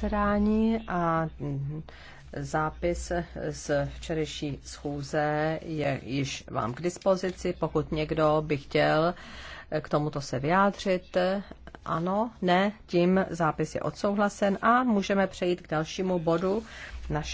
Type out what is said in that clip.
zasedání a mhm, zápis z včerejší schůze je již vám k dispozici. Pokud někdo by chtěl eh, k tomuto se vyjádřit, eh, ano, ne, tím zápis je odsouhlasen a můžeme přejít k dalšímu bodu. Naši